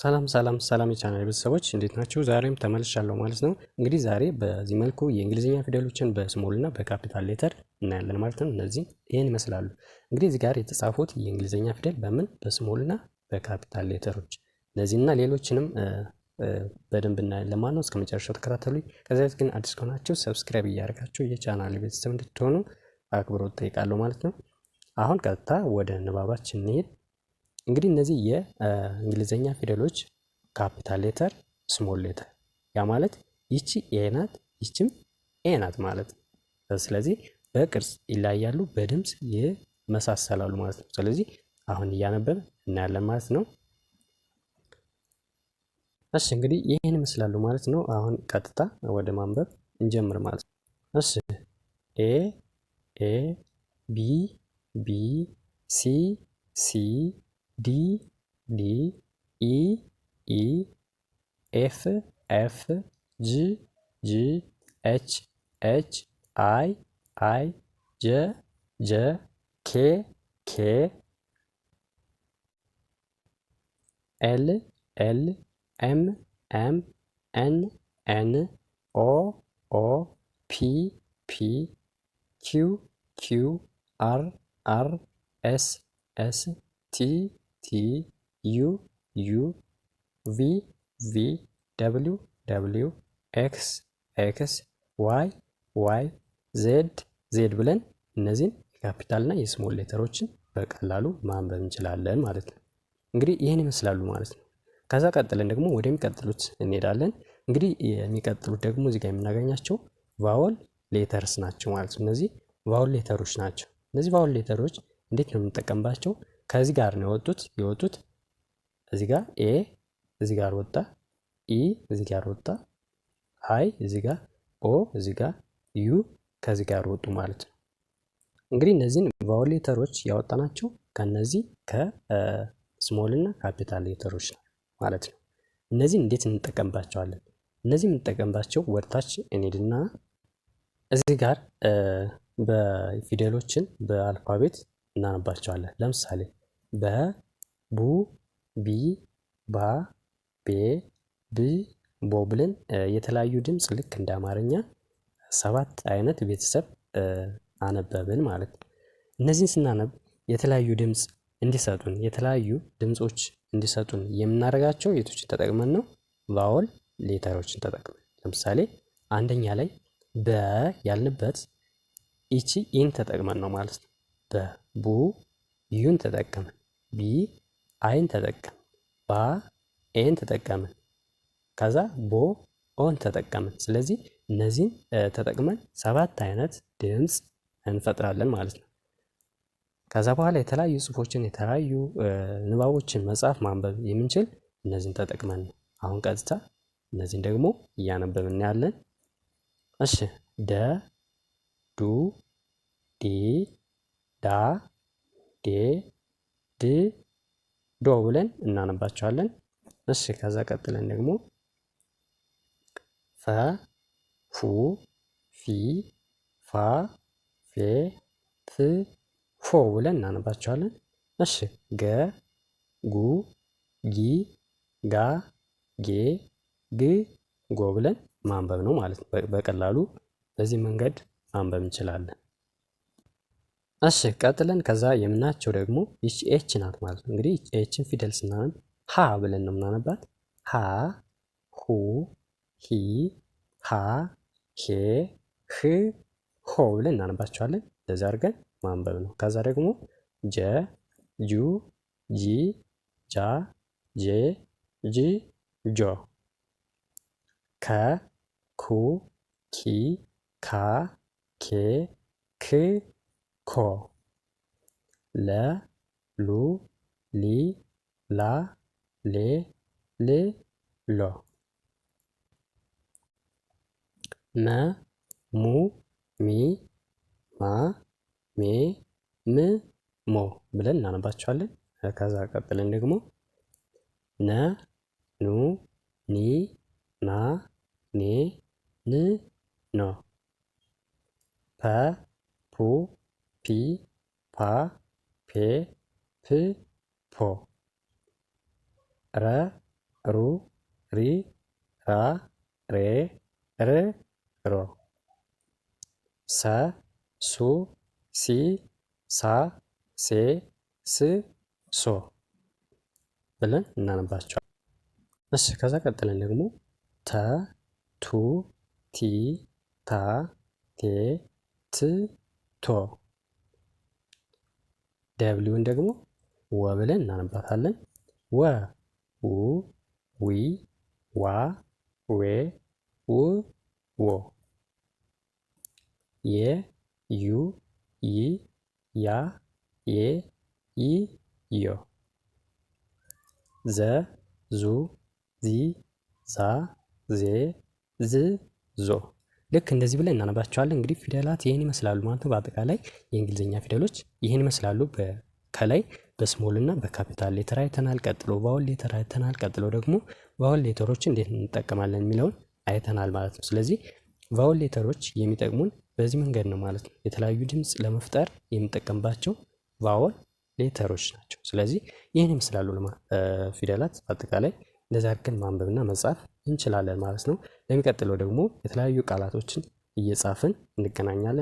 ሰላም ሰላም ሰላም የቻናል ቤተሰቦች እንዴት ናቸው? ዛሬም ተመልሻለሁ ማለት ነው። እንግዲህ ዛሬ በዚህ መልኩ የእንግሊዝኛ ፊደሎችን በስሞል እና በካፒታል ሌተር እናያለን ማለት ነው። እነዚህ ይህን ይመስላሉ። እንግዲህ እዚህ ጋር የተጻፉት የእንግሊዝኛ ፊደል በምን በስሞል እና በካፒታል ሌተሮች እነዚህና ሌሎችንም በደንብ እናያለን ማለት ነው። እስከ መጨረሻው ተከታተሉ። ከዚያ በፊት ግን አዲስ ከሆናቸው ሰብስክራይብ እያደረጋችሁ የቻናል ቤተሰብ እንድትሆኑ አክብሮት ጠይቃለሁ ማለት ነው። አሁን ቀጥታ ወደ ንባባችን እንሄድ። እንግዲህ እነዚህ የእንግሊዘኛ ፊደሎች ካፒታል ሌተር፣ ስሞል ሌተር ያ ማለት ይቺ ኤ ናት፣ ይችም ኤ ናት ማለት ነው። ስለዚህ በቅርጽ ይለያያሉ፣ በድምፅ ይመሳሰላሉ ማለት ነው። ስለዚህ አሁን እያነበብ እናያለን ማለት ነው። እሺ እንግዲህ ይህን ይመስላሉ ማለት ነው። አሁን ቀጥታ ወደ ማንበብ እንጀምር ማለት ነው። እሺ ኤ ኤ ቢ ቢ ሲ ሲ D D E E F F G G H H I I J J K K L L M M N N O O P P Q Q R R S S T ቲ ዩ ዩ ቪ ቪ ደብሊው ደብሊው ኤክስ ኤክስ ዋይ ዋይ ዜድ ዜድ ብለን እነዚህን የካፒታልና የስሞል ሌተሮችን በቀላሉ ማንበብ እንችላለን ማለት ነው። እንግዲህ ይህን ይመስላሉ ማለት ነው። ከዛ ቀጥለን ደግሞ ወደሚቀጥሉት እንሄዳለን። እንግዲህ የሚቀጥሉት ደግሞ እዚጋ የምናገኛቸው ቫወል ሌተርስ ናቸው ማለት ነው። እነዚህ ቫወል ሌተሮች ናቸው። እነዚህ ቫወል ሌተሮች እንዴት ነው የምንጠቀምባቸው? ከዚህ ጋር ነው የወጡት የወጡት እዚህ ጋር ኤ እዚህ ጋር ወጣ ኢ እዚህ ጋር ወጣ አይ እዚህ ጋር ኦ እዚህ ጋር ዩ ከዚህ ጋር ወጡ ማለት ነው። እንግዲህ እነዚህን ቫውል ሌተሮች ያወጣናቸው ከነዚህ ከስሞል እና ካፒታል ሌተሮች ማለት ነው። እነዚህን እንዴት እንጠቀምባቸዋለን? እነዚህ የምንጠቀምባቸው ወደታች እንሂድና እዚህ ጋር በፊደሎችን በአልፋቤት እናነባቸዋለን። ለምሳሌ በ ቡ ቢ ባ ቤ ብ ቦ ብለን የተለያዩ ድምፅ ልክ እንደ አማርኛ ሰባት አይነት ቤተሰብ አነበብን ማለት ነው። እነዚህን ስናነብ የተለያዩ ድምፅ እንዲሰጡን የተለያዩ ድምጾች እንዲሰጡን የምናደርጋቸው የቶችን ተጠቅመን ነው ቫወል ሌተሮችን ተጠቅመን ለምሳሌ አንደኛ ላይ በ ያልንበት ይቺ ኢን ተጠቅመን ነው ማለት ነው። በ ቡ ዩን ተጠቀምን ቢ አይን ተጠቀምን ባ ኤን ተጠቀምን ከዛ ቦ ኦን ተጠቀምን። ስለዚህ እነዚህን ተጠቅመን ሰባት አይነት ድምፅ እንፈጥራለን ማለት ነው። ከዛ በኋላ የተለያዩ ጽሁፎችን የተለያዩ ንባቦችን መጽሐፍ ማንበብ የምንችል እነዚህን ተጠቅመን ነው። አሁን ቀጥታ እነዚህን ደግሞ እያነበብን እናያለን። እሺ ደ ዱ ዲ ዳ ዴ ድ ዶ ብለን እናነባቸዋለን። እሺ ከዛ ቀጥለን ደግሞ ፈ ፉ ፊ ፋ ፌ ፍ ፎ ብለን እናነባቸዋለን። እሺ ገ ጉ ጊ ጋ ጌ ግ ጎ ብለን ማንበብ ነው ማለት ነው። በቀላሉ በዚህ መንገድ ማንበብ እንችላለን። እሺ ቀጥለን ከዛ የምናቸው ደግሞ ይቺ ኤች ናት ማለት ነው። እንግዲህ ኤችን ፊደል ስናነብ ሀ ብለን ነው የምናነባት። ሀ ሁ ሂ ሀ ሄ ህ ሆ ብለን እናነባቸዋለን። እንደዚህ አድርገን ማንበብ ነው። ከዛ ደግሞ ጀ ጁ ጂ ጃ ጄ ጂ ጆ ከ ኩ ኪ ካ ኬ ክ ኮ ለ ሉ ሊ ላ ሌ ል ሎ መ ሙ ሚ ማ ሜ ም ሞ ብለን እናነባቸዋለን። ከዛ ቀጥለን ደግሞ ነ ኑ ኒ ና ኔ ን ኖ ፐ ፑ ፒ ፓ ፔ ፕ ፖ ረ ሩ ሪ ራ ሬ ር ሮ ሰ ሱ ሲ ሳ ሴ ስ ሶ ብለን እናነባቸዋል እሺ ከዛ ቀጥለን ደግሞ ተ ቱ ቲ ታ ቴ ት ቶ ደብሊውን ደግሞ ወ ብለን እናነባታለን። ወ ው ዊ ዋ ዌ ው ዎ የ ዩ ይ ያ የ ይ ዮ ዘ ዙ ዚ ዛ ዜ ዝ ዞ ልክ እንደዚህ ብለን እናነባቸዋለን። እንግዲህ ፊደላት ይህን ይመስላሉ ማለት ነው። በአጠቃላይ የእንግሊዝኛ ፊደሎች ይህን ይመስላሉ። ከላይ በስሞል እና በካፒታል ሌተር አይተናል። ቀጥሎ ባውል ሌተር አይተናል። ቀጥሎ ደግሞ ባውል ሌተሮች እንዴት እንጠቀማለን የሚለውን አይተናል ማለት ነው። ስለዚህ ቫውል ሌተሮች የሚጠቅሙን በዚህ መንገድ ነው ማለት ነው። የተለያዩ ድምፅ ለመፍጠር የምንጠቀምባቸው ቫውል ሌተሮች ናቸው። ስለዚህ ይህን ይመስላሉ ፊደላት። በአጠቃላይ እንደዚህ አድርገን ማንበብና መጻፍ እንችላለን ማለት ነው። ለሚቀጥለው ደግሞ የተለያዩ ቃላቶችን እየጻፍን እንገናኛለን።